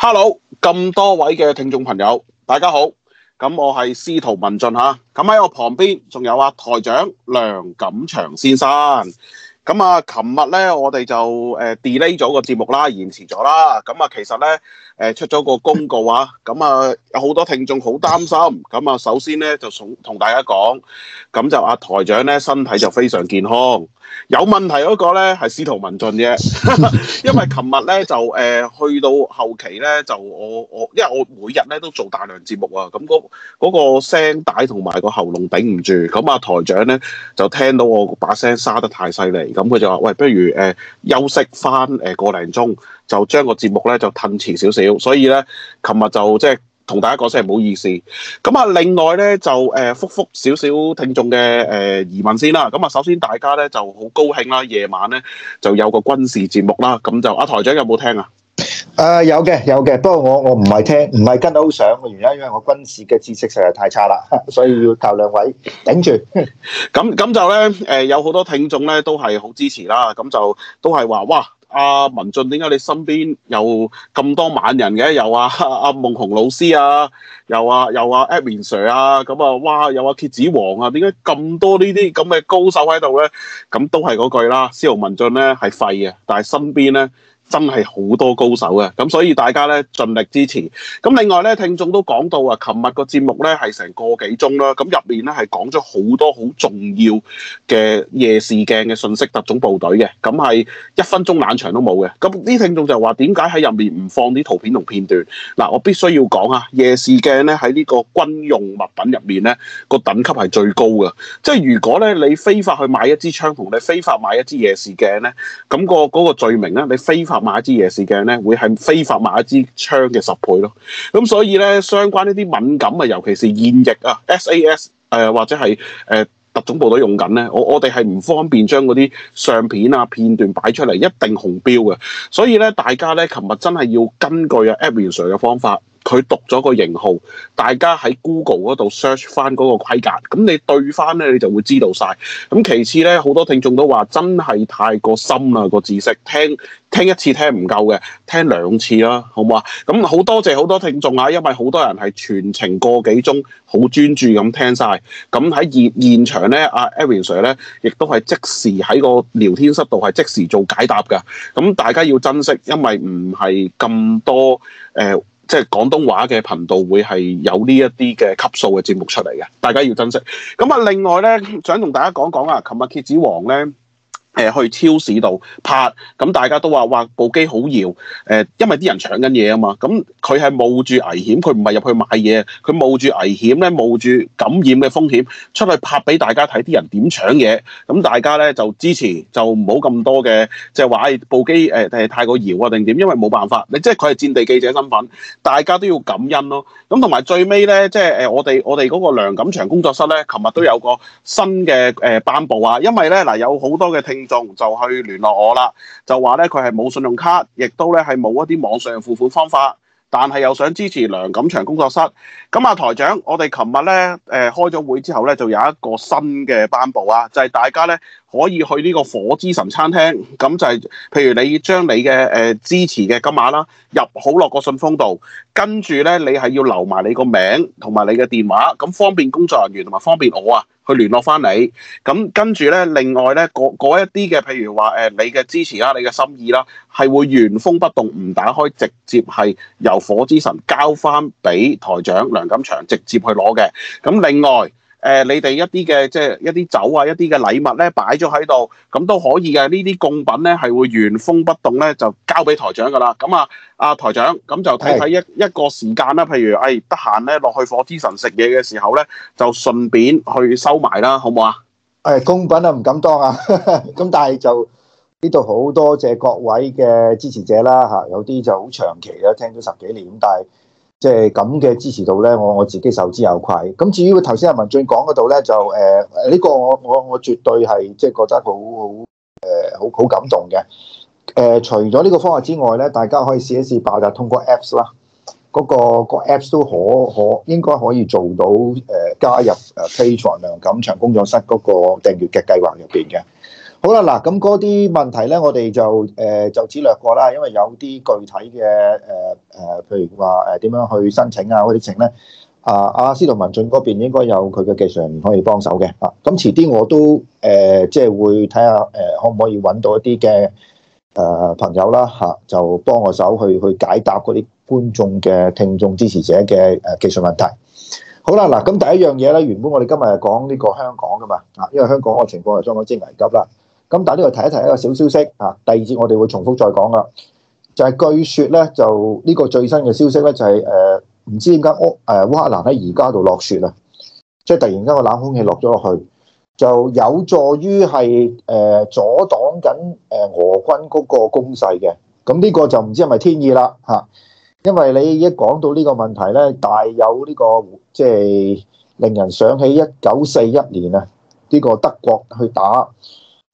Hello，咁多位嘅聽眾朋友，大家好，咁我係司徒文進吓，咁喺我旁邊仲有阿、啊、台長梁錦祥先生。咁啊，琴日咧我哋就誒 delay 咗個節目啦，延遲咗啦。咁啊，其實咧誒出咗個公告啊，咁啊有好多聽眾好擔心。咁啊，首先咧就同大家講，咁就阿台長咧身體就非常健康，有問題嗰個咧係司徒文進啫。 因為琴日咧就誒、呃、去到後期咧就我我，因為我每日咧都做大量節目啊，咁嗰嗰個聲帶同埋個喉嚨頂唔住。咁阿台長咧就聽到我把聲沙得太犀利。咁佢就話：喂，不如誒休息翻誒個零鐘，就將個節目咧就褪遲少少。所以咧，琴日就即係同大家講聲唔好意思。咁啊，另外咧就誒覆覆少少聽眾嘅誒疑問先啦。咁啊，首先大家咧就好高興啦，夜晚咧就有個軍事節目啦。咁就阿台長有冇聽啊？誒、呃、有嘅有嘅，不過我我唔係聽，唔係跟得上嘅原因，因為我軍事嘅知識實在太差啦，所以要靠兩位頂住。咁咁就咧誒，有好多聽眾咧都係好支持啦，咁就都係話哇、啊，阿文進，點解你身邊有咁多猛人嘅？又話，阿夢紅老師啊，又話，又話 Edwin Sir 啊，咁啊，哇，又話蠍子王啊，點解咁多呢啲咁嘅高手喺度咧？咁都係嗰句啦，司徒文進咧係廢嘅，但係身邊咧，真係好多高手嘅，啊，咁所以大家咧盡力支持。咁另外咧，聽眾都講到啊，琴日個節目咧係成個幾鐘啦，咁入面咧係講咗好多好重要嘅夜視鏡嘅信息，特種部隊嘅，咁係一分鐘冷場都冇嘅。咁啲聽眾就話點解喺入面唔放啲圖片同片段？嗱，我必須要講啊，夜視鏡咧喺呢個軍用物品入面咧個等級係最高嘅，即係如果咧你非法去買一支槍同你非法買一支夜視鏡咧，咁個嗰個罪名咧你非法，買一支夜視鏡咧，會係非法買一支槍嘅十倍咯。咁所以咧，相關呢啲敏感啊，尤其是現役啊、SAS 誒或者係誒、呃、特種部隊用緊咧，我我哋係唔方便將嗰啲相片啊片段擺出嚟，一定紅標嘅。所以咧，大家咧琴日真係要根據啊 a b i g i 嘅方法。佢讀咗個型號，大家喺 Google 嗰度 search 翻嗰個規格，咁你對翻呢，你就會知道晒。咁其次呢，好多聽眾都話真係太過深啊個知識，聽聽一次聽唔夠嘅，聽兩次啦，好唔好啊？咁好多謝好多聽眾啊，因為好多人係全程個幾鐘好專注咁聽晒。咁喺現現場呢，阿 Aaron Sir 咧，亦都係即時喺個聊天室度係即時做解答嘅。咁大家要珍惜，因為唔係咁多誒。呃即係廣東話嘅頻道會係有呢一啲嘅級數嘅節目出嚟嘅，大家要珍惜。咁啊，另外咧，想同大家講講啊，琴日蠍子王咧。誒去超市度拍，咁大家都話，哇，部機好搖，誒、呃，因為啲人搶緊嘢，啊嘛，咁佢係冒住危險，佢唔係入去買嘢，佢冒住危險咧，冒住感染嘅風險出去拍俾大家睇啲人點搶嘢，咁、嗯、大家咧就支持，就唔好咁多嘅，即係話，哎，部機誒誒太過搖啊，定點，因為冇辦法，你即係佢係戰地記者身份，大家都要感恩咯。咁同埋最尾咧，即係誒我哋我哋嗰個梁錦祥工作室咧，琴日都有個新嘅誒頒布啊，因為咧嗱、呃、有好多嘅聽眾就去聯絡我啦，就話咧佢係冇信用卡，亦都咧係冇一啲網上付款方法，但係又想支持梁錦祥工作室。咁啊台長，我哋琴日咧誒開咗會之後咧，就有一個新嘅頒布啊，就係、是、大家咧可以去呢個火之神餐廳，咁就係、是、譬如你將你嘅誒、呃、支持嘅金額啦，入好落個信封度，跟住咧你係要留埋你個名同埋你嘅電話，咁方便工作人員同埋方便我啊。佢聯絡翻你，咁跟住咧，另外咧，嗰一啲嘅，譬如話誒、呃，你嘅支持啦，你嘅心意啦，係會原封不動唔打開，直接係由火之神交翻俾台長梁錦祥直接去攞嘅。咁另外。誒、呃，你哋一啲嘅即係一啲酒啊，一啲嘅禮物咧，擺咗喺度，咁都可以嘅。呢啲供品咧係會原封不動咧，就交俾台長噶啦。咁啊，啊，台長咁就睇睇一是一個時間啦。譬如誒，得閒咧落去火之神食嘢嘅時候咧，就順便去收埋啦，好唔好啊？誒，供品啊，唔敢當啊。咁但係就呢度好多謝各位嘅支持者啦嚇、啊，有啲就好長期啦，聽咗十幾年，但係。即係咁嘅支持度咧，我我自己受之有愧。咁至於頭先阿文進講嗰度咧，就誒，呢、呃這個我我我絕對係即係覺得好好誒好好感動嘅。誒、呃，除咗呢個方法之外咧，大家可以試一試，就通過 Apps 啦，嗰、那個、那個 Apps 都可可應該可以做到誒、呃，加入誒 Patreon 梁錦祥工作室嗰個訂閱嘅計劃入邊嘅。好啦，嗱咁嗰啲問題咧，我哋就誒、呃、就此略過啦，因為有啲具體嘅誒誒，譬、呃呃、如話誒點樣去申請啊嗰啲嘢咧，啊阿司徒文俊嗰邊應該有佢嘅技術人員可以幫手嘅啊。咁遲啲我都誒、呃、即係會睇下誒可唔可以揾到一啲嘅誒朋友啦嚇、啊，就幫我手去去解答嗰啲觀眾嘅聽眾支持者嘅誒、啊、技術問題。好啦，嗱咁第一樣嘢咧，原本我哋今日係講呢個香港噶嘛啊，因為香港個情況係相對之危急啦。咁但係呢度提一提一個小消息啊！第二節我哋會重複再講啦。就係、是、據說咧，就呢個最新嘅消息咧、就是呃，就係誒，唔知點解烏誒烏克蘭喺而家度落雪啊！即係突然間個冷空氣落咗落去，就有助於係誒阻擋緊誒俄軍嗰個攻勢嘅。咁呢個就唔知係咪天意啦吓？因為你一講到呢個問題咧，大有呢、這個即係、就是、令人想起一九四一年啊，呢、這個德國去打。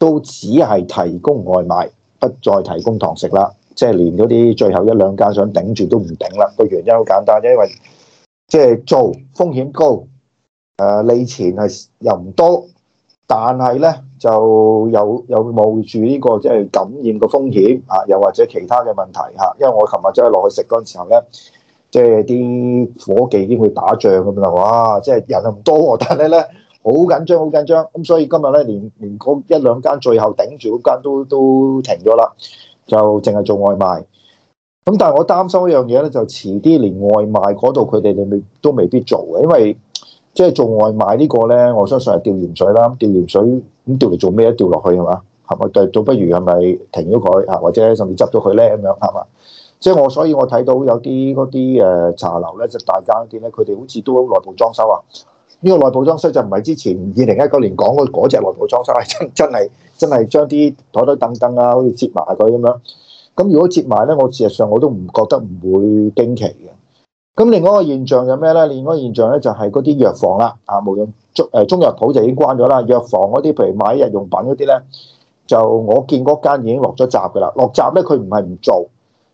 都只係提供外賣，不再提供堂食啦。即係連嗰啲最後一兩間想頂住都唔頂啦。個原因好簡單啫，因為即係做風險高，誒利錢係又唔多，但係咧就又又冒住呢個即係感染嘅風險啊，又或者其他嘅問題嚇。因為我琴日真係落去食嗰陣時候咧，即係啲夥計已經會打仗咁樣啦。哇！即係人又唔多，但係咧。好緊張，好緊張咁，所以今日咧，連連一兩間最後頂住嗰間都都停咗啦，就淨係做外賣。咁但係我擔心一樣嘢咧，就遲啲連外賣嗰度佢哋，你未都未必做嘅，因為即係做外賣呢個咧，我相信係掉鹽水啦，掉鹽水咁掉嚟做咩？掉落去係嘛？係咪就倒不如係咪停咗佢啊？或者甚至執咗佢咧？咁樣係嘛？即係我，所以我睇到有啲嗰啲誒茶樓咧，就大家見咧，佢哋好似都內部裝修啊。呢個內部裝修就唔係之前二零一九年講嗰嗰隻內部裝修，係真真係真係將啲台台凳凳啊，好似接埋佢咁樣。咁如果接埋咧，我事實上我都唔覺得唔會驚奇嘅。咁另外一個現象有咩咧？另外一個現象咧就係嗰啲藥房啦，啊，無論中誒中藥鋪就已經關咗啦，藥房嗰啲，譬如買啲日用品嗰啲咧，就我見嗰間已經落咗閘㗎啦。落閘咧，佢唔係唔做，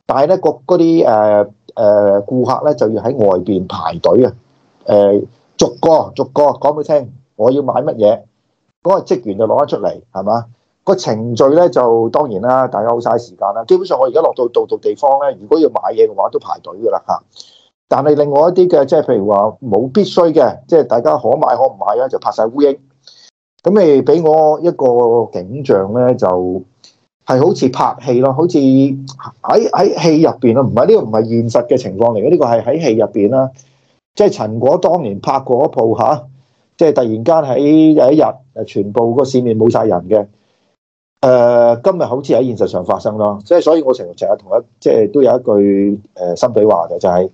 但係咧個嗰啲誒誒顧客咧就要喺外邊排隊啊，誒。逐個逐個講俾聽，我要買乜嘢，嗰、嗰個職員就攞得出嚟，係嘛？個程序咧就當然啦，大家好嘥時間啦。基本上我而家落到度度地方咧，如果要買嘢嘅話，都排隊噶啦嚇。但係另外一啲嘅，即係譬如話冇必須嘅，即係大家可買可唔買啊，就拍晒烏蠅。咁你俾我一個景象咧，就係好似拍戲咯，好似喺喺戲入邊咯。唔係呢個唔係現實嘅情況嚟嘅，呢、呢個係喺戲入邊啦。即係陳果當年拍過一部嚇，即係突然間喺有一日誒，全部個市面冇晒人嘅。誒、呃，今日好似喺現實上發生咯。即係所以我成日成日同一即係都有一句誒、呃、心底話嘅，就係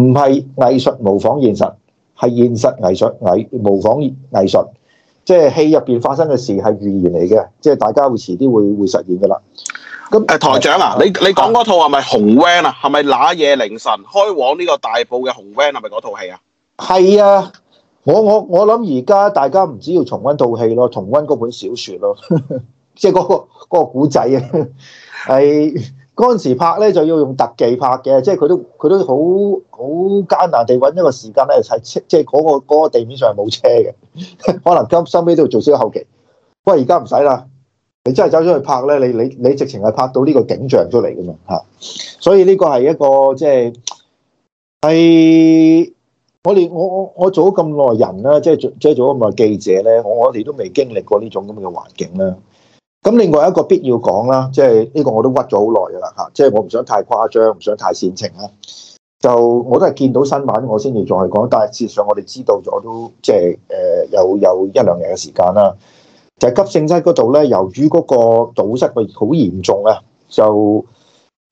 唔係藝術模仿現實，係現實藝術藝模仿藝術。即係戲入邊發生嘅事係預言嚟嘅，即係大家會遲啲會會實現㗎啦。誒，嗯、台長啊，嗯、你你講嗰套係咪《紅 van》啊？係咪那夜凌晨開往呢個大埔嘅紅 van？係咪嗰套戲啊？係啊，我我我諗而家大家唔止要重溫套戲咯，重溫嗰本小說咯， 即係、那、嗰個、那個古仔啊。係嗰陣時拍咧就要用特技拍嘅，即係佢都佢都好好艱難地揾一個時間咧，係、就是、即係、那、嗰個、那個地面上係冇車嘅， 可能今收尾都要做少少後期。喂，不過而家唔使啦。你真係走咗去拍咧，你你你直情係拍到呢個景象出嚟噶嘛吓，所以呢個係一個即係係我哋我我我做咗咁耐人啦，即係即係做咗咁耐記者咧，我我哋都未經歷過呢種咁嘅環境啦。咁另外一個必要講啦，即係呢個我都屈咗好耐噶啦吓，即係我唔想太誇張，唔想太煽情啦。就我都係見到新聞，我先至再講。但係事實上我哋知道咗都即係誒，有有一兩日嘅時間啦。就係急症室嗰度咧，由於嗰個堵塞嘅好嚴重啊，就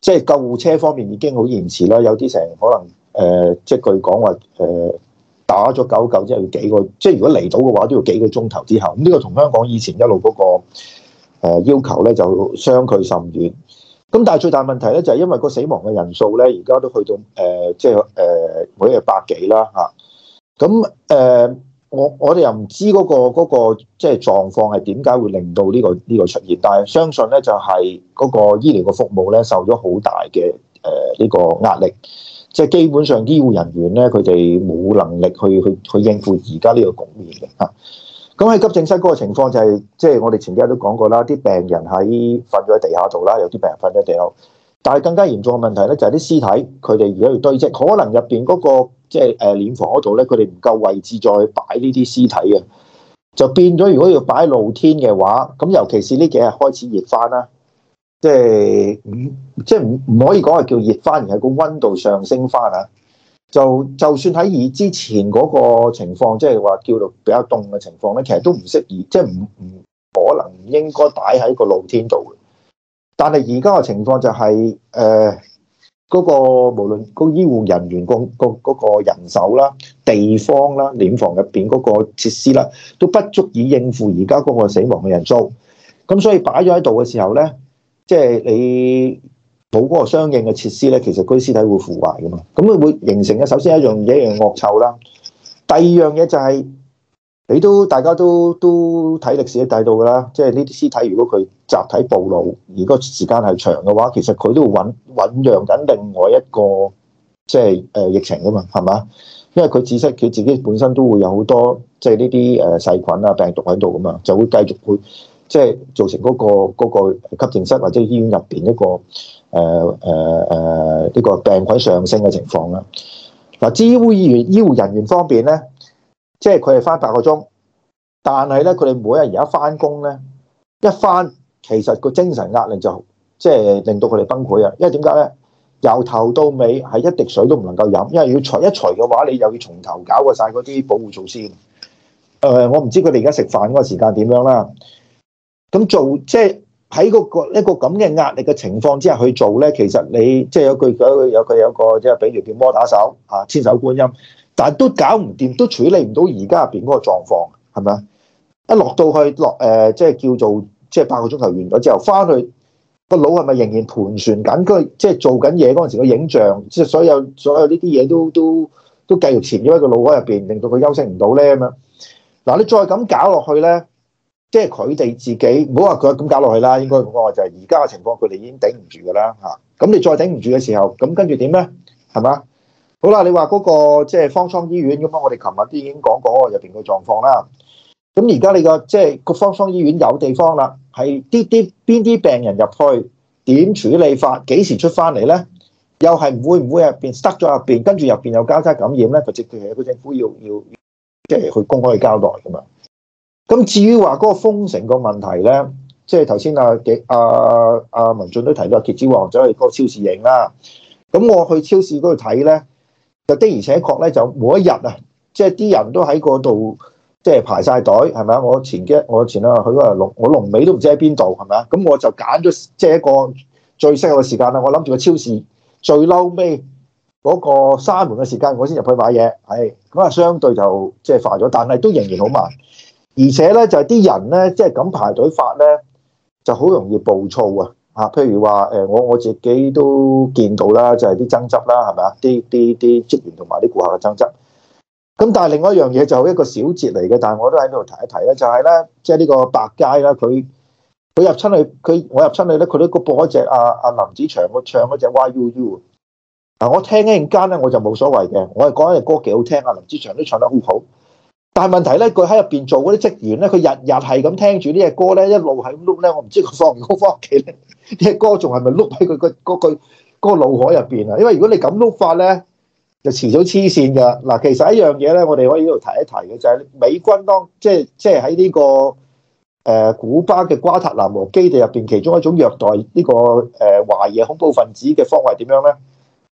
即係、就是、救護車方面已經好延遲啦，有啲成可能誒、呃，即係據講話誒打咗九九，即係要幾個，即係如果嚟到嘅話，都要幾個鐘頭之後。呢個同香港以前一路嗰個誒要求咧，就相距甚遠。咁但係最大問題咧，就係、是、因為個死亡嘅人數咧，而家都去到誒、呃，即係誒，好、呃、似百幾啦吓。咁、啊、誒。我我哋又唔知嗰、那個即係、那個就是、狀況係點解會令到呢、這個呢、這個出現，但係相信咧就係、是、嗰個醫療服務咧受咗好大嘅誒呢個壓力，即、就、係、是、基本上醫護人員咧佢哋冇能力去去去應付而家呢個局面嘅嚇。咁、啊、喺急症室嗰個情況就係即係我哋前幾日都講過啦，啲病人喺瞓咗喺地下度啦，有啲病人瞓咗地下。但係更加嚴重嘅問題咧就係啲屍體佢哋而家要堆積，可能入邊嗰個。即係誒殮房嗰度咧，佢哋唔夠位置再擺呢啲屍體嘅，就變咗如果要擺露天嘅話，咁尤其是呢幾日開始熱翻啦，即係唔即係唔唔可以講係叫熱翻，而係個溫度上升翻啊。就就算喺以之前嗰個情況，即係話叫做比較凍嘅情況咧，其實都唔適宜，即係唔唔可能應該擺喺個露天度。但係而家嘅情況就係、是、誒。呃嗰個無論個醫護人員個個嗰個人手啦、地方啦、殮房入邊嗰個設施啦，都不足以應付而家嗰個死亡嘅人數。咁所以擺咗喺度嘅時候咧，即係你冇嗰個相應嘅設施咧，其實嗰啲屍體會腐壞噶嘛。咁佢會形成嘅，首先一樣嘢係惡臭啦，第二樣嘢就係。你都大家都都睇歷史睇到噶啦，即係呢啲屍體如果佢集體暴露，如果時間係長嘅話，其實佢都會醞醞釀緊另外一個即係誒、啊、疫情噶嘛，係嘛？因為佢知識佢自己本身都會有好多即係呢啲誒細菌啊、病毒喺度噶嘛，就會繼續會即係造成嗰、嗰個急症、嗰個嗰個、室或者醫院入邊一個誒誒誒呢個病菌上升嘅情況啦。嗱、啊，至於醫護人員、醫護人員方面咧？即係佢係翻八個鐘，但係咧佢哋每日而家翻工咧，一翻其實個精神壓力就即係令到佢哋崩潰啊！因為點解咧？由頭到尾係一滴水都唔能夠飲，因為要除一除嘅話，你又要從頭搞過晒嗰啲保護措施。誒、呃，我唔知佢哋而家食飯嗰個時間點樣啦。咁做即係喺嗰一個咁嘅壓力嘅情況之下去做咧，其實你即係有句有句有句有個即係，比如叫摩打手啊，千手觀音。但都搞唔掂，都處理唔到而家入邊嗰個狀況，係咪一落到去落，誒，即係叫做即係八個鐘頭完咗之後，翻去個腦係咪仍然盤旋緊？即係做緊嘢嗰陣時個影像，即係所有所有呢啲嘢都都都繼續潛咗喺個腦海入邊，令到佢休息唔到咧咁樣。嗱，你再咁搞落去咧，即係佢哋自己唔好話佢咁搞落去啦。應該講就係而家嘅情況，佢哋已經頂唔住噶啦嚇。咁你再頂唔住嘅時候，咁跟住點咧？係嘛？好啦，你話嗰個即係方艙醫院咁啊？我哋琴日都已經講過入邊嘅狀況啦。咁而家你個即係個方艙醫院有地方啦，係啲啲邊啲病人入去點處理法？幾時出翻嚟咧？又係會唔會入邊塞咗入邊，跟住入邊有交叉感染咧？就直佢係個政府要要即係去公開交代㗎嘛？咁至於話嗰個封城個問題咧，即係頭先阿阿阿文俊都提到，揭子旺走去嗰個超市影啦，啊。咁我去超市嗰度睇咧。就的而且確咧，就每一日啊，即係啲人都喺嗰度，即係排晒隊，係咪啊？我前幾日，我前兩日去嗰個龍，我龍尾都唔知喺邊度，係咪啊？咁我就揀咗即係一個最適合嘅時間啦。我諗住個超市最嬲尾嗰個閂門嘅時間，我先入去買嘢，係咁啊，相對就即係快咗，但係都仍然好慢。而且咧，就係啲人咧，即係咁排隊發咧，就好容易暴躁啊！譬如話誒，我我自己都見到啦，就係啲爭執啦，係咪啊？啲啲啲職員同埋啲顧客嘅爭執。咁但係另外一樣嘢就一個小節嚟嘅，但係我都喺呢度提一提咧，就係、是、咧，即係呢個百佳啦，佢佢入親去佢我入親去咧，佢都個播一隻阿、啊、阿、啊、林子祥個唱嗰隻 Y U U 啊！我聽一陣間咧，我就冇所謂嘅，我係講一隻歌幾好聽啊，林子祥都唱得好好。但係問題咧，佢喺入邊做嗰啲職員咧，佢日日係咁聽住呢隻歌咧，一路係咁碌咧，我唔知佢放完歌翻屋企咧。啲歌仲係咪碌喺佢個嗰句嗰腦海入邊啊？因為如果你咁碌法咧，就遲早黐線㗎。嗱，其實一樣嘢咧，我哋可以喺度提一提嘅就係、是，美軍當即即係喺呢個誒、呃、古巴嘅瓜達拿摩基地入邊，其中一種虐待呢個誒華裔恐怖分子嘅方法點樣咧？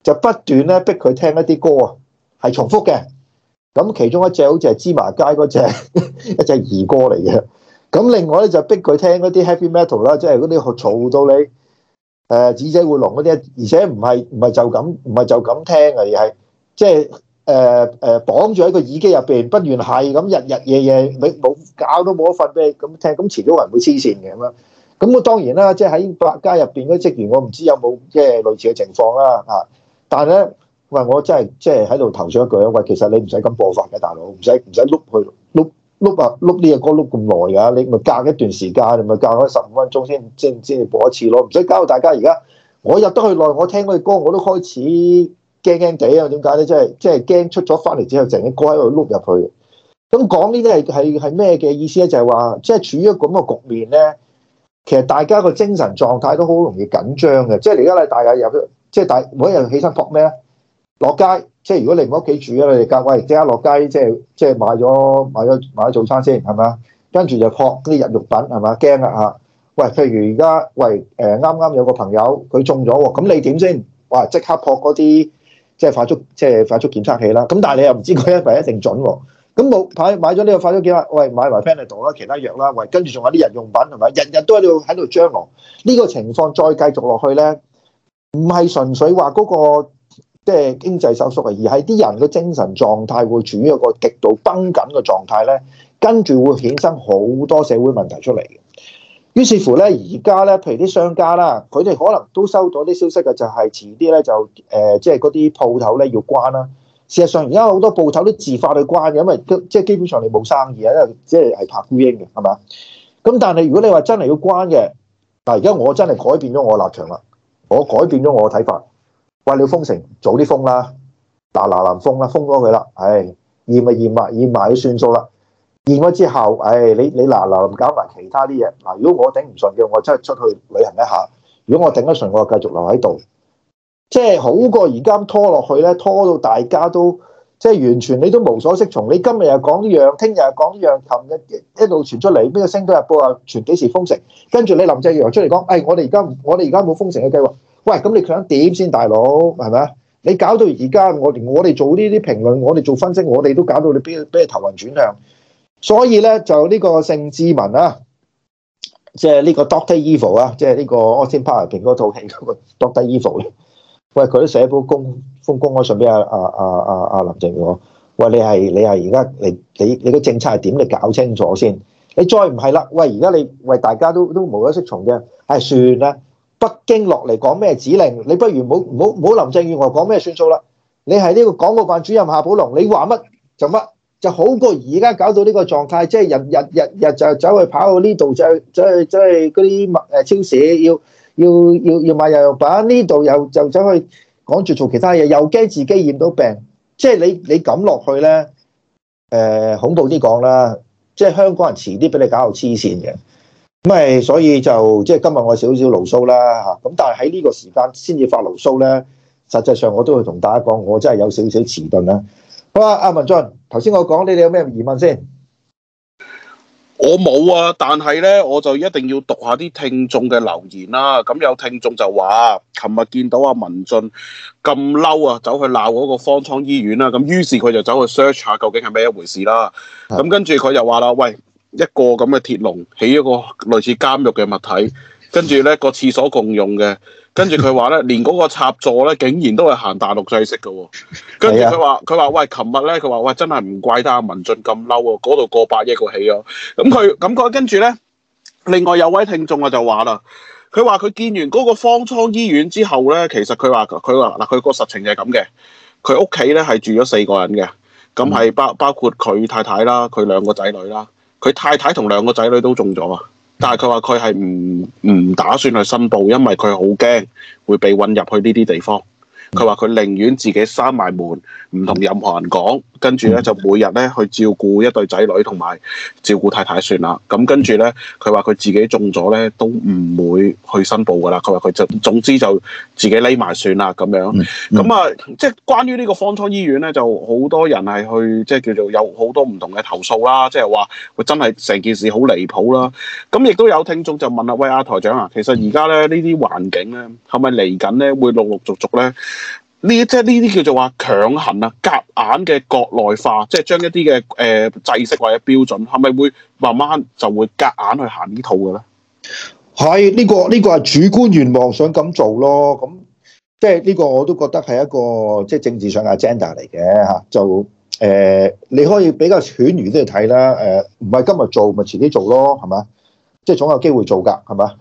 就不斷咧逼佢聽一啲歌啊，係重複嘅。咁其中一隻好似係芝麻街嗰隻 一隻兒歌嚟嘅。咁另外咧就逼佢聽嗰啲 happy metal 啦，即係嗰啲嘈到你，誒耳仔會聾嗰啲，而且唔係唔係就咁，唔係就咁聽啊，而係即係誒誒綁住喺個耳機入邊，不願係咁日日夜夜永冇搞都冇得瞓俾你咁聽，咁遲早話會黐線嘅咁啦。咁我當然啦，即係喺百佳入邊嗰職員，我唔知有冇即係類似嘅情況啦。啊，但係咧，喂，我真係即係喺度投訴一句，喂，其實你唔使咁過分嘅，大佬，唔使唔使碌去。」碌啊碌呢隻歌碌咁耐㗎，你咪隔一段時間，你咪隔開十五分鐘先先先播一次咯，唔使搞到大家而家。我入得去耐，我聽嗰隻歌我都開始驚驚地啊！點解咧？即係即係驚出咗翻嚟之後，成隻歌喺度碌入去。咁講呢啲係係咩嘅意思咧？就係話，即係處於咁嘅局面咧，其實大家個精神狀態都好容易緊張嘅。即係而家你大家入咗，即係大每一日起身撲咩咧？落街。即係如果你唔喺屋企住啊，你哋隔位即刻落街，即係即係買咗買咗買咗早餐先係嘛？跟住就撲啲日用品係嘛？驚啦嚇！喂，譬如而家喂誒，啱啱有個朋友佢中咗喎，咁你點先？哇！即刻撲嗰啲即係快速即係快速檢測器啦。咁但係你又唔知佢一一定準喎、啊。咁冇買買咗呢個快速檢測，喂買埋 Panadol 啦，其他藥啦，喂跟住仲有啲日用品係咪？日日都喺度喺度張羅呢個情況再繼續落去咧，唔係純粹話嗰個。即係經濟收縮啊，而係啲人嘅精神狀態會處於一個極度繃緊嘅狀態咧，跟住會衍生好多社會問題出嚟嘅。於是乎咧，而家咧，譬如啲商家啦，佢哋可能都收到啲消息嘅，就係、是、遲啲咧就誒，即係嗰啲鋪頭咧要關啦、啊。事實上，而家好多鋪頭都自發去關嘅，因為即係基本上你冇生意啊，因為即係係拍烏蠅嘅，係咪啊？咁但係如果你話真係要關嘅，嗱，而家我真係改變咗我立場啦，我改變咗我嘅睇法。為了封城，早啲封啦，嗱嗱臨封啦，封咗佢啦，唉、哎，驗咪驗埋，驗埋佢算數啦。驗咗之後，唉、哎，你你嗱嗱臨搞埋其他啲嘢，嗱，如果我頂唔順嘅，我真係出去旅行一下；如果我頂得順，我就繼續留喺度，即係好過而家拖落去咧，拖到大家都即係完全你都無所適從。你今日又講呢樣，聽日又講呢樣，琴日一路傳出嚟，邊個《星島日報》呀傳幾時封城？跟住你林鄭月娥出嚟講，誒、哎，我哋而家我哋而家冇封城嘅計劃。喂，咁你想點先，大佬係咪啊？你搞到而家，我連我哋做呢啲評論，我哋做分析，我哋都搞到你俾，俾你頭暈轉向。所以咧，就呢個盛智文啦、啊，即係呢個 Doctor Evil 啊，即係呢個 Austin Powers 嗰套戲嗰個 Doctor Evil。喂，佢都寫咗封公，封公開信俾阿阿阿阿阿林鄭。喂，你係你係而家你你你啲政策係點？你搞清楚先。你再唔係啦，喂，而家你喂大家都都冇得適從嘅，唉、哎，算啦。北京落嚟講咩指令，你不如冇冇冇林鄭月娥講咩算數啦。你係呢個港澳辦主任夏寶龍，你話乜就乜，就好過而家搞到呢個狀態，即係日日日日就走去跑去呢度，走去再嗰啲超市要要要要買日用品，呢度又就走去趕住做其他嘢，又驚自己染到病。即係你你咁落去咧，誒恐怖啲講啦，即係香港人遲啲俾你搞到黐線嘅。咁所以就即係今日我少少牢騷啦，吓。咁但係喺呢個時間先至發牢騷咧，實際上我都會同大家講，我真係有少少遲鈍啦。好啦、啊，阿文俊，頭先我講，你哋有咩疑問先？我冇啊，但係咧，我就一定要讀一下啲聽眾嘅留言啦、啊。咁有聽眾就話，琴日見到阿文俊咁嬲啊，走去鬧嗰個方艙醫院啦、啊。咁於是佢就走去 search 下究竟係咩一回事啦、啊。咁跟住佢就話啦，喂。一個咁嘅鐵籠，起一個類似監獄嘅物體，跟住咧個廁所共用嘅，跟住佢話咧，連嗰個插座咧，竟然都係行大陸制式嘅。跟住佢話，佢話喂，琴日咧，佢話喂，真係唔怪得阿文進咁嬲啊，嗰度過百億個起咗，咁佢感覺，跟住咧，另外有位聽眾啊就話啦，佢話佢見完嗰個方艙醫院之後咧，其實佢話佢話嗱，佢個實情就係咁嘅，佢屋企咧係住咗四個人嘅，咁係包包括佢太太啦，佢兩個仔女啦。佢太太同兩個仔女都中咗啊，但係佢話佢係唔唔打算去申報，因為佢好驚會被韞入去呢啲地方。佢話佢寧願自己閂埋門，唔同任何人講，跟住咧就每日咧去照顧一對仔女同埋照顧太太算啦。咁跟住咧，佢話佢自己中咗咧都唔會去申報噶啦。佢話佢就總之就自己匿埋算啦咁樣。咁啊，即係關於呢個方艙醫院咧，就好多人係去即係叫做有好多唔同嘅投訴啦，即係話佢真係成件事好離譜啦。咁亦都有聽眾就問啦、啊：喂、啊，阿台長啊，其實而家咧呢啲環境咧係咪嚟緊咧會陸陸續續咧？呢即係呢啲叫做話強行啊，夾硬嘅國內化，即係將一啲嘅誒制式或者標準，係咪會慢慢就會夾硬去行套呢套嘅咧？係呢、這個呢、這個係主觀願望想咁做咯。咁即係呢個我都覺得係一個即係政治上嘅 agenda 嚟嘅嚇。就誒、呃、你可以比較犬儒啲去睇啦。誒唔係今日做，咪遲啲做咯，係嘛？即係總有機會做㗎，係嘛？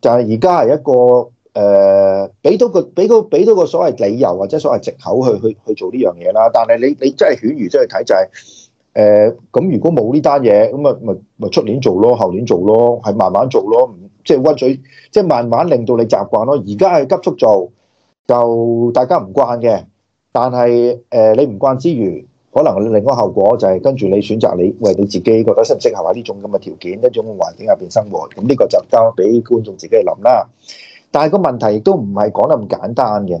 就係而家係一個。誒，俾到、呃、個俾到俾到個所謂理由或者所謂藉口去去去做呢樣嘢啦。但係你你真係犬儒真係睇就係、是、誒，咁、呃、如果冇呢單嘢，咁啊咪咪出年做咯，後年做咯，係慢慢做咯，即係屈嘴，即係慢慢令到你習慣咯。而家係急速做，就大家唔慣嘅。但係誒、呃，你唔慣之餘，可能另一個後果就係跟住你選擇你喂你自己覺得適唔適合呢種咁嘅條件、一種環境入邊生活。咁呢個就交俾觀眾自己去諗啦。但係個問題亦都唔係講得咁簡單嘅，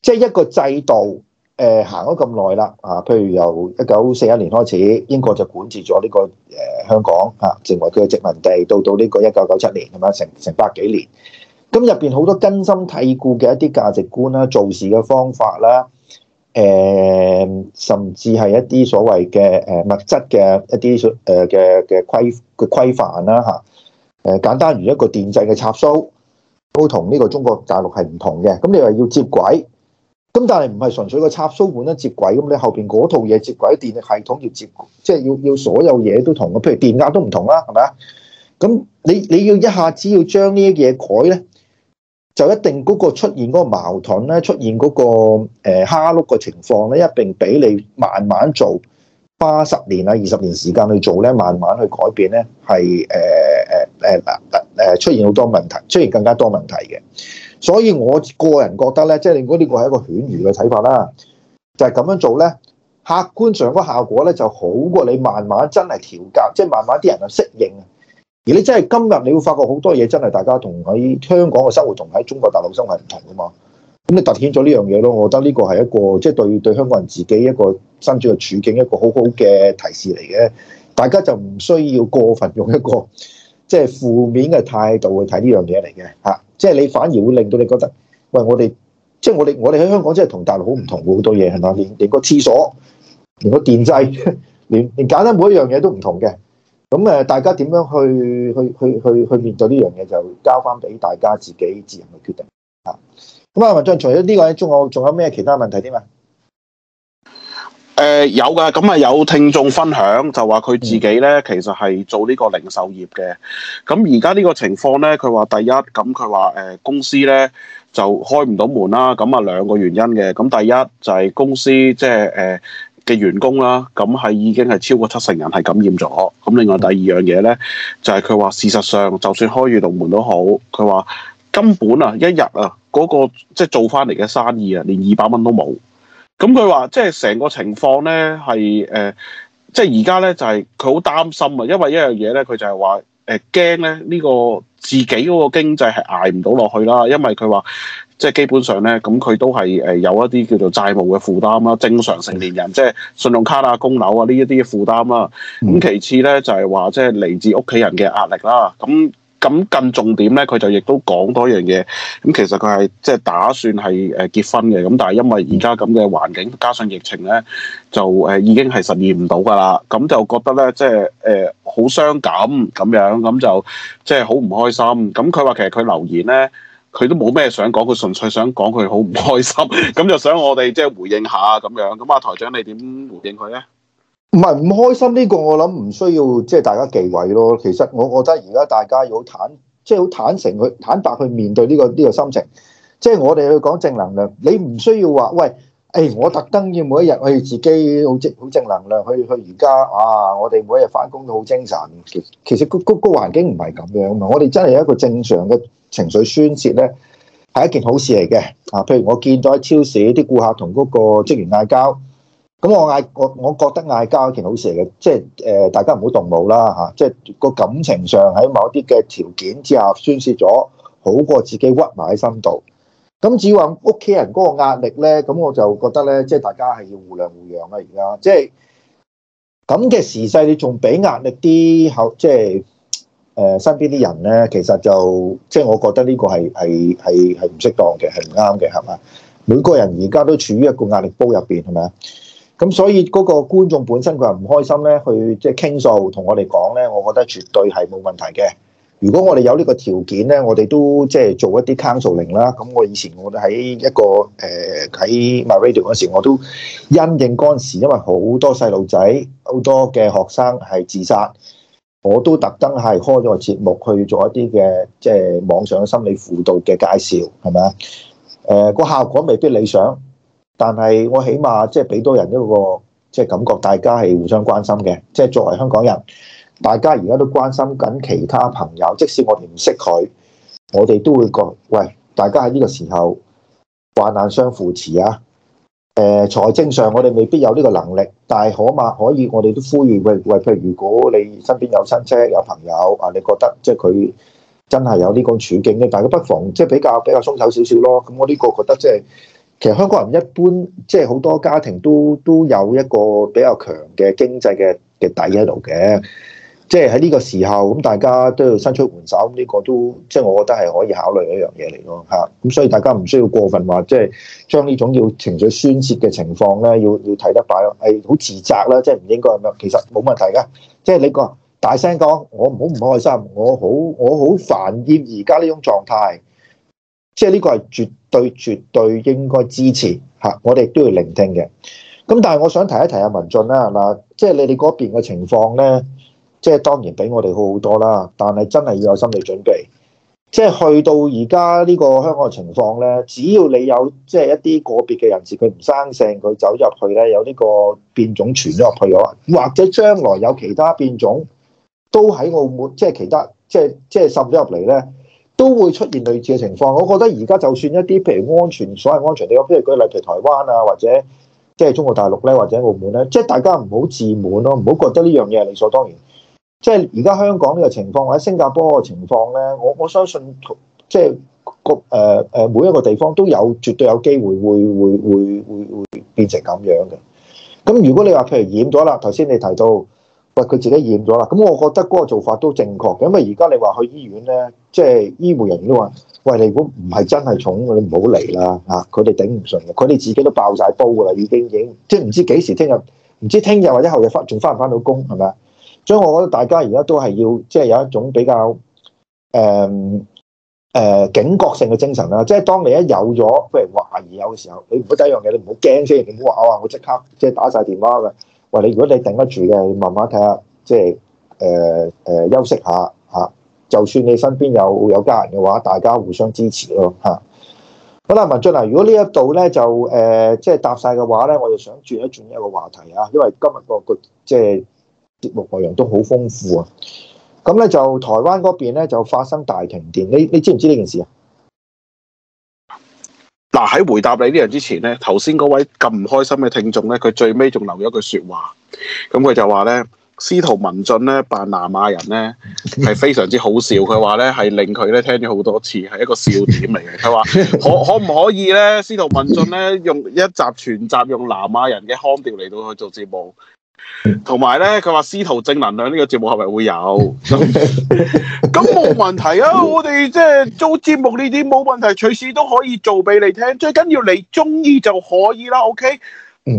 即係一個制度誒、呃、行咗咁耐啦啊！譬如由一九四一年開始，英國就管治咗呢個誒、呃、香港啊，成為佢嘅殖民地，到到呢個一九九七年咁樣，成成百幾年。咁入邊好多根深蒂固嘅一啲價值觀啦、做事嘅方法啦，誒、呃，甚至係一啲所謂嘅誒物質嘅一啲誒嘅嘅規嘅規範啦吓。誒、呃啊，簡單如一個電制嘅插蘇。都同呢個中國大陸係唔同嘅，咁你話要接軌，咁但係唔係純粹個插蘇換啦接軌，咁你後邊嗰套嘢接軌電力系統要接，即係要要所有嘢都同嘅，譬如電壓都唔同啦，係咪啊？咁你你要一下子要將呢啲嘢改咧，就一定嗰個出現嗰個矛盾咧，出現嗰個誒蝦碌嘅情況咧，一並俾你慢慢做，花十年啊、二十年時間去做咧，慢慢去改變咧，係誒誒誒嗱嗱。誒出現好多問題，出現更加多問題嘅，所以我個人覺得咧，即係如果呢個係一個犬儒嘅睇法啦，就係咁樣做咧，客觀上個效果咧就好過你慢慢真係調教，即係慢慢啲人就適應啊。而你真係今日，你會發覺好多嘢真係大家同喺香港嘅生活同喺中國大陸生活唔同噶嘛。咁你突顯咗呢樣嘢咯，我覺得呢個係一個即係對對香港人自己一個生存嘅處境一個好好嘅提示嚟嘅。大家就唔需要過分用一個，即係負面嘅態度去睇呢樣嘢嚟嘅，嚇、啊！即係你反而會令到你覺得，喂，我哋即係我哋我哋喺香港真係同大陸好唔同好多嘢，係嘛？連連個廁所，連個電掣，連連簡單每一樣嘢都唔同嘅。咁、啊、誒，大家點樣去去去去去面對呢樣嘢，就交翻俾大家自己自行去決定嚇。咁啊,啊，文進，除咗呢、這個喺中國，仲有咩其他問題啲嘛？誒、呃，有噶，咁啊有聽眾分享，就話佢自己咧，其實係做呢個零售業嘅。咁而家呢個情況咧，佢話第一，咁佢話誒公司咧就開唔到門啦。咁啊兩個原因嘅，咁第一就係、是、公司即係誒嘅員工啦，咁、就、係、是呃呃呃呃、已經係超過七成人係感染咗。咁另外第二樣嘢咧，就係佢話事實上就算開住度門都好，佢話根本啊一日啊嗰、那個即係、就是、做翻嚟嘅生意啊，連二百蚊都冇。咁佢話即係成個情況咧，係誒、呃，即係而家咧就係佢好擔心啊，因為一樣嘢咧，佢就係話誒驚咧呢、這個自己嗰個經濟係捱唔到落去啦，因為佢話即係基本上咧，咁佢都係誒有一啲叫做債務嘅負擔啦，正常成年人、嗯、即係信用卡啊、供樓啊呢一啲嘅負擔啦。咁、嗯、其次咧就係話即係嚟自屋企人嘅壓力啦。咁、嗯咁更重點咧，佢就亦都講多樣嘢。咁其實佢係即係打算係誒結婚嘅。咁但係因為而家咁嘅環境，加上疫情咧，就誒已經係實現唔到㗎啦。咁就覺得咧，即係誒好傷感咁樣，咁就即係好唔開心。咁佢話其實佢留言咧，佢都冇咩想講，佢純粹想講佢好唔開心。咁 就想我哋即係回應下咁樣。咁阿台長你點回應佢咧？唔係唔開心呢個，我諗唔需要，即係大家忌諱咯。其實我覺得而家大家要坦即係好坦誠去坦白去面對呢個呢個心情。即係我哋去講正能量，你唔需要話喂，誒，我特登要每一日去自己好正好正能量去去而家啊，我哋每一日翻工，都好精神。其實嗰嗰環境唔係咁樣啊，我哋真係有一個正常嘅情緒宣洩咧，係一件好事嚟嘅啊。譬如我見到喺超市啲顧客同嗰個職員嗌交。咁我嗌我我覺得嗌交係件好事嚟嘅，即係誒、呃、大家唔好動怒啦吓、啊，即係個感情上喺某一啲嘅條件之下宣泄咗，好過自己屈埋喺心度。咁至於話屋企人嗰個壓力咧，咁我就覺得咧，即係大家係要互諒互讓啦。而家即係咁嘅時勢，你仲俾壓力啲後，即係誒、呃、身邊啲人咧，其實就即係我覺得呢個係係係係唔適當嘅，係唔啱嘅，係嘛？每個人而家都處於一個壓力煲入邊，係咪啊？咁所以嗰個觀眾本身佢係唔開心咧，去即係傾訴同我哋講咧，我覺得絕對係冇問題嘅。如果我哋有呢個條件咧，我哋都即係做一啲 counseling 啦。咁我以前我哋喺一個誒喺 my radio 嗰時，我都因應嗰陣時，因為好多細路仔好多嘅學生係自殺，我都特登係開咗個節目去做一啲嘅即係網上心理輔導嘅介紹，係咪啊？誒個效果未必理想。但係我起碼即係俾多人一個即係感覺，大家係互相關心嘅。即係作為香港人，大家而家都關心緊其他朋友，即使我哋唔識佢，我哋都會覺，喂，大家喺呢個時候患難相扶持啊！誒，財政上我哋未必有呢個能力，但係可嘛可以，我哋都呼籲喂，喂，譬如如果你身邊有親戚有朋友啊，你覺得即係佢真係有呢個處境咧，大家不妨即係比較比較鬆手少少咯。咁我呢個覺得即係。其實香港人一般即係好多家庭都都有一個比較強嘅經濟嘅嘅底喺度嘅，即係喺呢個時候咁，大家都要伸出援手，呢個都即係我覺得係可以考慮一樣嘢嚟咯，吓咁所以大家唔需要過分話，即係將呢種要情緒宣泄嘅情況咧，要要睇得擺咯，係好自責啦，即係唔應該咁樣，其實冇問題㗎，即係你講大聲講，我唔好唔開心，我好我好煩厭而家呢種狀態，即係呢個係絕。對，絕對應該支持嚇，我哋都要聆聽嘅。咁但係我想提一提阿文進啦，嗱，即係你哋嗰邊嘅情況咧，即係當然比我哋好好多啦。但係真係要有心理準備，即係去到而家呢個香港嘅情況咧，只要你有即係一啲個別嘅人士佢唔生性，佢走入去咧有呢個變種傳咗入去咗，或者將來有其他變種都喺澳門，即係其他即係即係滲咗入嚟咧。都會出現類似嘅情況，我覺得而家就算一啲譬如安全，所謂安全，你譬如舉例譬如台灣啊，或者即係中國大陸咧，或者澳門咧，即係大家唔好自滿咯、啊，唔好覺得呢樣嘢係理所當然。即係而家香港呢個情況或者新加坡嘅情況咧，我我相信即係個誒誒每一個地方都有絕對有機會會會會會會變成咁樣嘅。咁如果你話譬如染咗啦，頭先你提到。喂，佢自己驗咗啦，咁我覺得嗰個做法都正確嘅，因為而家你話去醫院咧，即係醫護人員都話，喂，你如果唔係真係重，你唔好嚟啦，嚇！佢哋頂唔順嘅，佢哋自己都爆晒煲噶啦，已經已經，即係唔知幾時聽日，唔知聽日或者後日返，仲返唔返到工係咪啊？所以，我覺得大家而家都係要，即係有一種比較誒誒警覺性嘅精神啦。即係當你一有咗，譬如懷疑有嘅時候，你唔好第一樣嘢，你唔好驚先，你唔好話我即刻即係打晒電話㗎。你如果你頂得住嘅，慢慢睇、就是呃、下，即係誒誒休息下嚇。就算你身邊有有家人嘅話，大家互相支持咯嚇。好、啊、啦、啊，文進啊，如果呢一度咧就誒、呃、即係答晒嘅話咧，我就想轉一轉一個話題啊，因為今日個個即係節目內容都好豐富啊。咁、嗯、咧就台灣嗰邊咧就發生大停電，你你知唔知呢件事啊？喺回答你呢樣之前呢，頭先嗰位咁唔開心嘅聽眾呢，佢最尾仲留咗句説話。咁佢就話，呢司徒文進咧扮南亞人呢係非常之好笑。佢話呢係令佢咧聽咗好多次係一個笑點嚟嘅，佢話可可唔可以呢司徒文進呢用一集全集用南亞人嘅腔調嚟到去做節目？同埋咧，佢話司徒正能量呢個節目係咪會有？咁 冇 問題啊！我哋即係做節目呢啲冇問題，隨時都可以做俾你聽。最緊要你中意就可以啦。OK，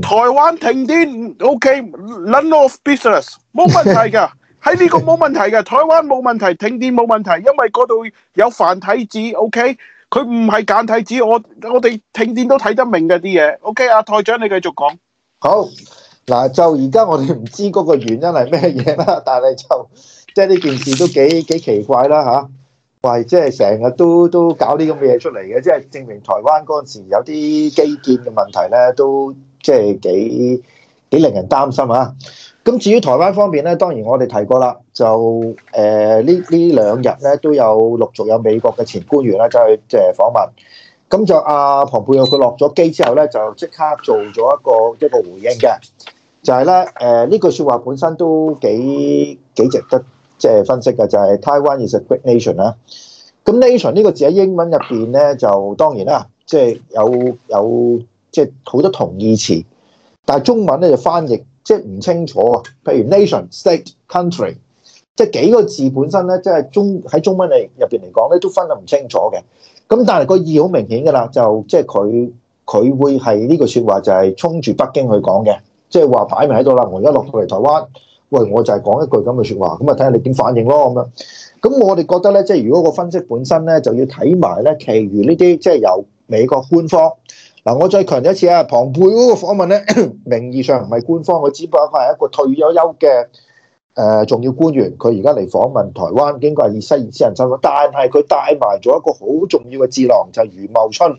台灣停電，OK，None、okay? of business，冇問題噶，喺呢 個冇問題噶。台灣冇問題，停電冇問題，因為嗰度有繁體字。OK，佢唔係簡體字，我我哋停電都睇得明嘅啲嘢。OK，阿、啊、台長你繼續講，好。嗱，就而家我哋唔知嗰個原因係咩嘢啦，但係就即係呢件事都幾幾奇怪啦吓，喂，即係成日都都搞啲咁嘅嘢出嚟嘅，即係證明台灣嗰陣時有啲基建嘅問題咧，都即係幾幾令人擔心啊。咁至於台灣方面咧，當然我哋提過啦，就誒呢呢兩日咧都有陸續有美國嘅前官員咧就去誒訪問，咁就阿彭佩奧佢落咗機之後咧，就即刻做咗一個一個回應嘅。就係、是、咧，誒、呃、呢句説話本身都幾幾值得即係、就是、分析嘅。就係、是、Taiwan is a great nation 啦。咁 nation 呢個字喺英文入邊咧，就當然啦，即、就、係、是、有有即係好多同義詞，但係中文咧就翻譯即係唔清楚啊。譬如 nation、state、country，即係、就是、幾個字本身咧，即、就、係、是、中喺中文嚟入邊嚟講咧，都分得唔清楚嘅。咁但係個意好明顯㗎啦，就即係佢佢會係呢句説話就係衝住北京去講嘅。即係話擺明喺度啦，我而家落到嚟台灣，喂，我就係講一句咁嘅説話，咁啊睇下你點反應咯咁樣。咁我哋覺得咧，即係如果個分析本身咧，就要睇埋咧，其餘呢啲即係由美國官方嗱、啊，我再強調一次啊，龐佩奧嗰個訪問咧， 名義上唔係官方，我只不過係一個退休休嘅誒、呃、重要官員，佢而家嚟訪問台灣，經過係以西爾私人身份，但係佢帶埋咗一個好重要嘅智囊，就係、是、余茂春。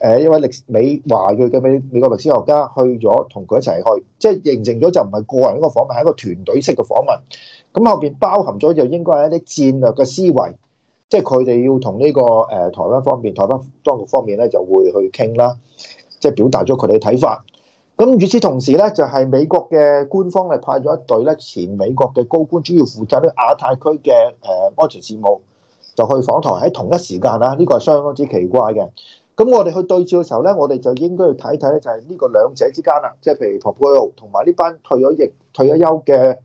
誒一位歷美華裔嘅美美國歷史學家去咗同佢一齊去，即係形成咗就唔係個人一個訪問，係一個團隊式嘅訪問。咁後邊包含咗就應該係一啲戰略嘅思維，即係佢哋要同呢個誒台灣方面、台灣當局方面咧就會去傾啦，即係表達咗佢哋嘅睇法。咁與此同時咧，就係、是、美國嘅官方係派咗一隊咧前美國嘅高官，主要負責咧亞太區嘅誒安全事務，就去訪台。喺同一時間啦，呢、這個係相當之奇怪嘅。咁我哋去對照嘅時候咧，我哋就應該去睇睇咧，就係呢個兩者之間啦，即係譬如蓬佩奧同埋呢班退咗役、退咗休嘅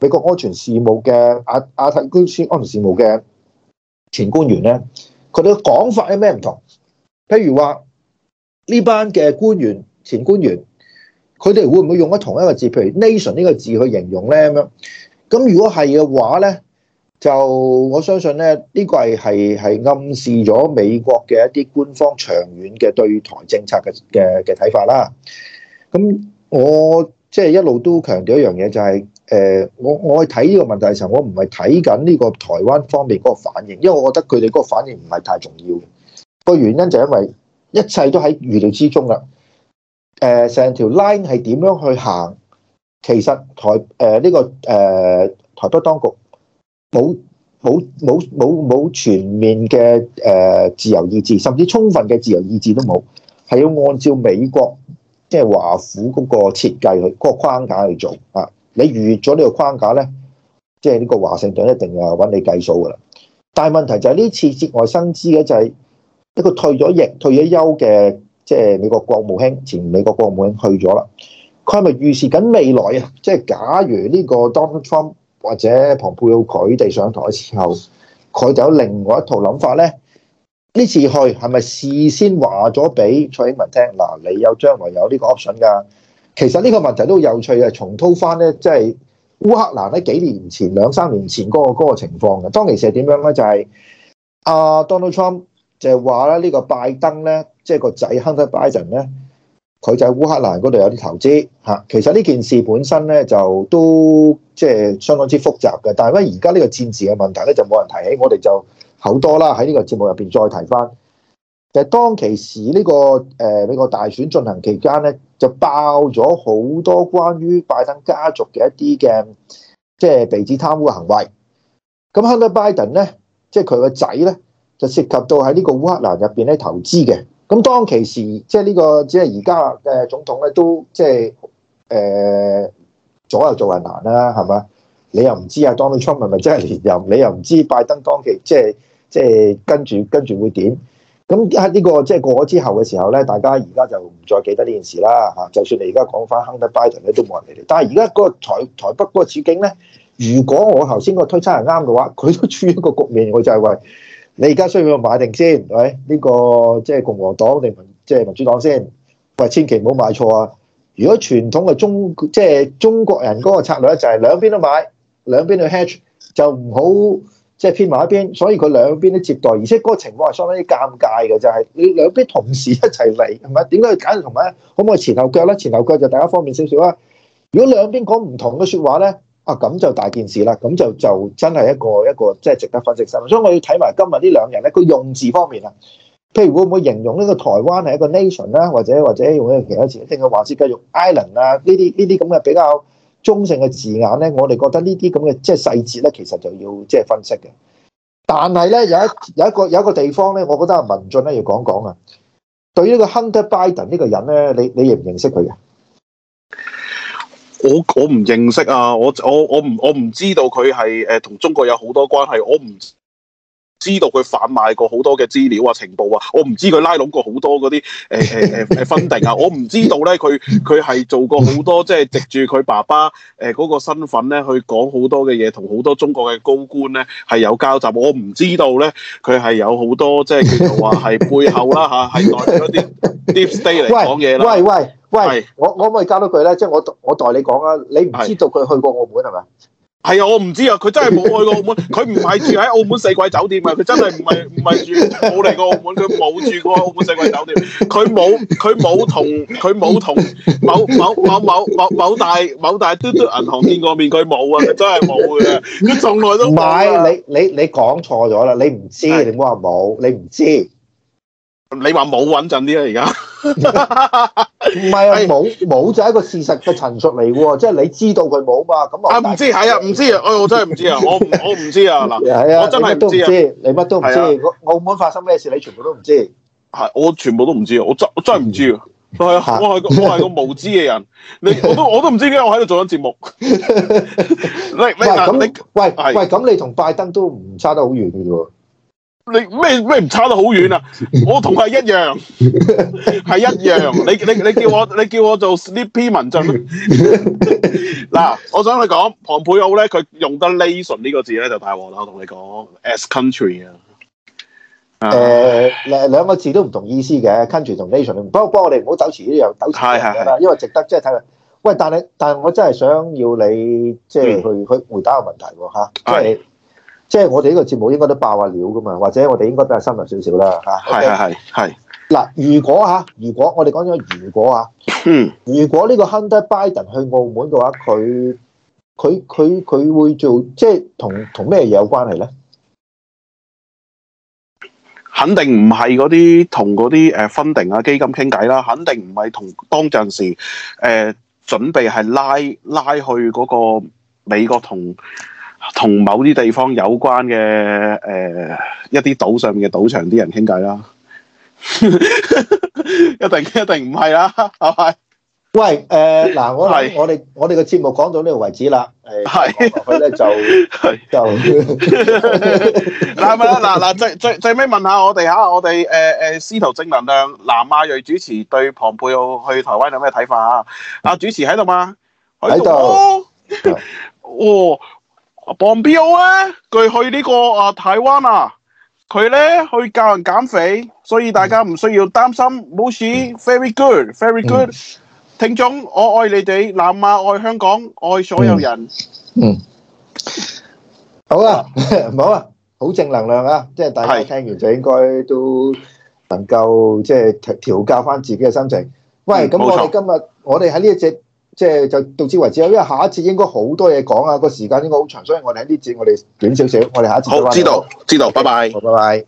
美國安全事務嘅亞亞太區安全事務嘅前官員咧，佢哋嘅講法有咩唔同？譬如話呢班嘅官員、前官員，佢哋會唔會用得同一個字，譬如 nation 呢個字去形容咧咁樣？咁如果係嘅話咧，就我相信咧，呢、這個係係係暗示咗美國嘅一啲官方長遠嘅對台政策嘅嘅嘅睇法啦。咁我即係、就是、一路都強調一樣嘢、就是，就係誒，我我去睇呢個問題嘅時候，我唔係睇緊呢個台灣方面嗰個反應，因為我覺得佢哋嗰個反應唔係太重要嘅。個原因就因為一切都喺預料之中啦。誒、呃，成條 line 係點樣去行？其實台誒呢、呃這個誒、呃、台北當局。冇冇冇冇冇全面嘅，誒自由意志，甚至充分嘅自由意志都冇，係要按照美國即係華府嗰個設計去嗰個框架去做啊！你越咗呢個框架咧，即係呢個華盛頓一定啊揾你計數噶啦。但係問題就係呢次節外生枝嘅就係一個退咗役、退咗休嘅，即係美國國務卿前美國國務卿去咗啦。佢係咪預示緊未來啊？即係假如呢個 Donald Trump？或者彭佩奧佢哋上台嘅時候，佢就有另外一套諗法咧。呢次去係咪事先話咗俾蔡英文聽嗱、啊？你有將來有呢個 option 噶。其實呢個問題都好有趣嘅。重蹈翻咧，即係烏克蘭咧，幾年前兩三年前嗰、那個那個情況嘅。當其時係點樣咧？就係、是、阿 Donald Trump 就係話咧，呢個拜登咧，即、就、係、是、個仔亨 u 拜 t e 咧。佢就喺烏克蘭嗰度有啲投資嚇、啊，其實呢件事本身咧就都即係、就是、相當之複雜嘅。但係而家呢個戰事嘅問題咧就冇人提起，我哋就好多啦喺呢個節目入邊再提翻。其、就、實、是、當其時呢、這個誒呢、呃這個大選進行期間咧，就爆咗好多關於拜登家族嘅一啲嘅即係被指貪污嘅行為。咁 Hunter Biden 咧，即係佢個仔咧，就涉及到喺呢個烏克蘭入邊咧投資嘅。咁當其時，即係、這、呢個，即係而家嘅總統咧，都即係誒左右做人難啦，係嘛？你又唔知啊，Donald Trump 係咪真係連任，你又唔知拜登當期即係即係跟住跟住會點？咁一呢個即係過咗之後嘅時候咧，大家而家就唔再記得呢件事啦。嚇，就算你而家講翻亨特拜登咧，都冇人理你。但係而家嗰個台台北嗰個處境咧，如果我頭先個推測係啱嘅話，佢都處於一個局面，我就係、是、為。你而家需要去買定先，係、哎、呢、這個即係共和黨定即係民主黨先。喂、哎，千祈唔好買錯啊！如果傳統嘅中即係、就是、中國人嗰個策略就係兩邊都買，兩邊都 hedge，就唔好即係偏埋一邊。所以佢兩邊都接待，而且嗰個情況係相當之尷尬嘅，就係、是、你兩邊同時一齊嚟，係咪？點解要揀同埋？可唔可以前後腳咧？前後腳就大家方便少少啊。如果兩邊講唔同嘅説話咧？啊咁就大件事啦，咁就就真係一個一個即係值得分析深，所以我要睇埋今日呢兩人咧，佢用字方面啊，譬如會唔會形容呢個台灣係一個 nation 啦，或者或者用啲其他詞，定佢還是繼續 island 啊呢啲呢啲咁嘅比較中性嘅字眼咧，我哋覺得呢啲咁嘅即係細節咧，其實就要即係分析嘅。但係咧有一有一個有一個,有一個地方咧，我覺得文進咧要講講啊。對於呢個 Hunter Biden 呢個人咧，你你認唔認識佢嘅？我我唔認識啊，我我我唔我唔知道佢係誒同中國有好多關係，我唔知道佢販賣過好多嘅資料啊情報啊，我唔知佢拉攏過好多嗰啲誒誒誒誒芬定啊，我唔知道咧佢佢係做過好多即係籍住佢爸爸誒嗰，呃那個身份咧去講好多嘅嘢，同好多中國嘅高官咧係有交集，我唔知道咧佢係有好多即係叫做話係背後啦吓，係用嗰啲 deep state 嚟講嘢啦。喂喂喂！喂，我我可唔可以加多句咧？即係我代我代你講啊！你唔知道佢去過澳門係咪？係啊，我唔知啊，佢真係冇去過澳門，佢唔係住喺澳門四季酒店嘅，佢真係唔係唔係住冇嚟過澳門，佢冇住過澳門四季酒店，佢冇佢冇同佢冇同某某某某某某大某某大嘟嘟銀行見過面，佢冇啊，佢真係冇嘅，佢從來都唔係，你你你講錯咗啦！你唔知，你唔好話冇，你唔知。你話冇穩陣啲啊？而家唔係啊，冇冇就係一個事實嘅陳述嚟嘅喎，即係你知道佢冇嘛？咁啊，唔知係啊，唔知啊，我真係唔知啊，我我唔知啊，嗱，我真係唔知，你乜都唔知？澳門發生咩事，你全部都唔知？係，我全部都唔知，我真我真係唔知，我係我係個無知嘅人，你我都我都唔知點解我喺度做緊節目。你你嗱你，喂喂，咁你同拜登都唔差得好遠嘅喎。你咩咩唔差得好遠啊！我同佢係一樣，係 一樣。你你你叫我你叫我做 sleepy 文進嗱， 我想你講，蓬佩奧咧佢用得 nation 呢個字咧就大鑊啦。我同你講，as country 啊、uh, 呃，誒誒兩個字都唔同意思嘅，country 同 nation。不過不過我哋唔好走詞呢樣，走詞啦，因為值得即係睇下。喂，但係但係我真係想要你即係去去回答個問題喎，即係。即係我哋呢個節目應該都爆啊料噶嘛，或者我哋應該都較深入少少啦嚇。係係係。嗱，如果吓，如果我哋講咗如果啊，嗯，如果呢個亨 u 拜 t 去澳門嘅話，佢佢佢佢會做，即係同同咩嘢有關係咧？肯定唔係嗰啲同嗰啲誒分定啊基金傾偈啦，肯定唔係同當陣時誒準備係拉拉去嗰個美國同。同某啲地方有關嘅誒、呃、一啲島上面嘅賭場啲人傾偈啦，一定一定唔係啦，係喂誒嗱、呃呃 我我哋我哋嘅節目講到呢個位置啦，係，落去咧就就嗱咪啦，嗱嗱最最最尾問下我哋嚇，我哋誒誒司徒正能量南亞裔主持對彭佩奧去台灣有咩睇法啊？阿主持喺度嘛？喺度哦。啊，彭彪啊，佢去呢個啊台灣啊，佢咧去教人減肥，所以大家唔需要擔心。冇事，very good，very good。聽眾，我愛你哋，南亞愛香港，愛所有人。嗯，好啦，唔好啊，好正能量啊！即係大家聽完就應該都能夠即係調調教翻自己嘅心情。喂，咁我哋今日我哋喺呢一隻。即係就到此為止啦，因為下一節應該好多嘢講啊，個時間應該好長，所以我哋喺呢節我哋短少少，我哋下一節。好，知道，知道，拜拜，拜拜。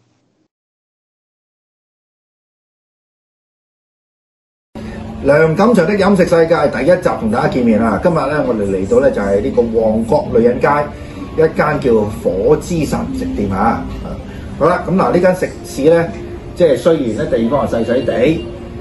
梁錦祥的飲食世界第一集同大家見面啦，今日咧我哋嚟到咧就係、是、呢個旺角女人街一間叫火之神食店啊。好啦，咁、嗯、嗱、啊、呢間食肆咧，即係雖然咧地方係細細地。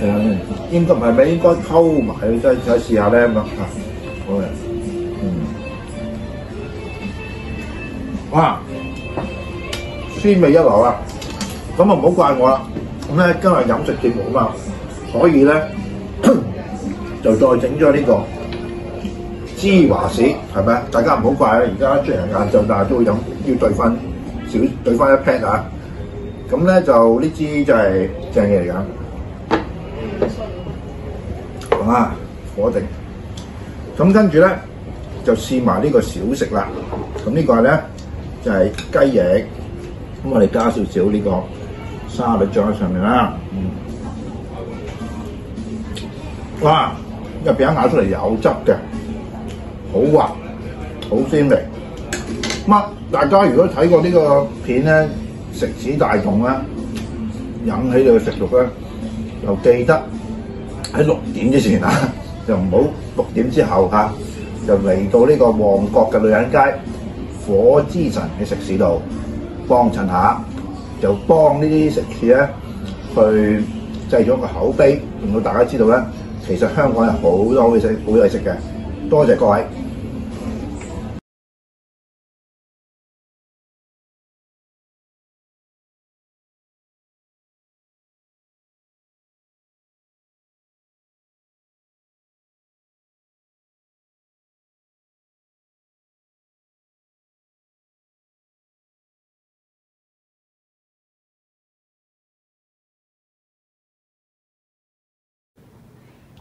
係啊、嗯，應該唔係咩？應該溝埋，真再試下呢。嘛好、嗯、啊，嗯，哇，鮮味一流啊！咁就唔好怪我啦、啊，咁咧今日飲食節目啊嘛，所以呢，就再整咗呢個芝華士係咪？大家唔好怪我啊！而家出嚟晏晝，但係都飲要兌翻少兌翻一 pat 啊！咁咧就呢支就係正嘢嚟㗎。啊，火定，咁跟住咧就試埋呢個小食啦。咁、這個、呢個咧就係、是、雞翼，咁我哋加少少呢個沙律醬喺上面啦。嗯，哇，入邊一咬出嚟有汁嘅，好滑，好鮮味。咁、啊、大家如果睇過呢個片咧，食指大動啦，引起你嘅食欲咧，又記得。喺六點之前、啊、就唔好六點之後嚇、啊，就嚟到呢個旺角嘅女人街火之神嘅食肆度幫襯下，就幫呢啲食肆咧去製咗個口碑，令到大家知道咧，其實香港有好多好嘢食，好多嘢食嘅，多謝各位。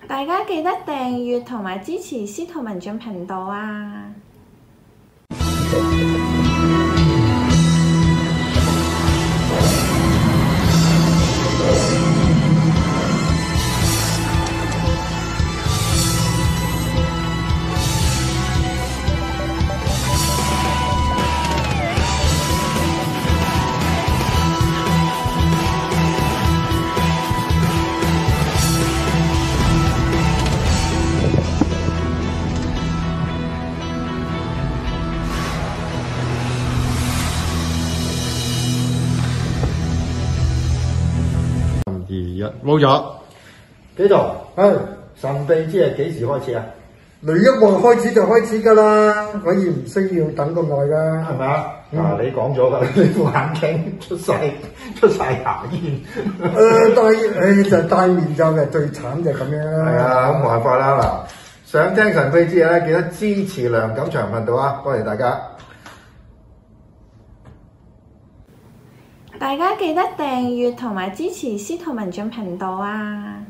大家記得訂閱同埋支持司徒文進頻道啊！冇咗，基督，徒哎，神秘之夜幾時開始啊？雷一話開始就開始噶啦，可以唔需要等咁耐噶，係咪、嗯、啊？你講咗啦，你副眼鏡出晒出晒牙煙，誒，戴、呃哎、就戴、是、面罩嘅最慘就咁樣啦。係、嗯、啊，咁冇辦法啦。嗱，想聽神秘之夜嘅咧，記得支持梁錦祥頻道啊，多謝大家。大家記得訂閱同埋支持司徒文進頻道啊！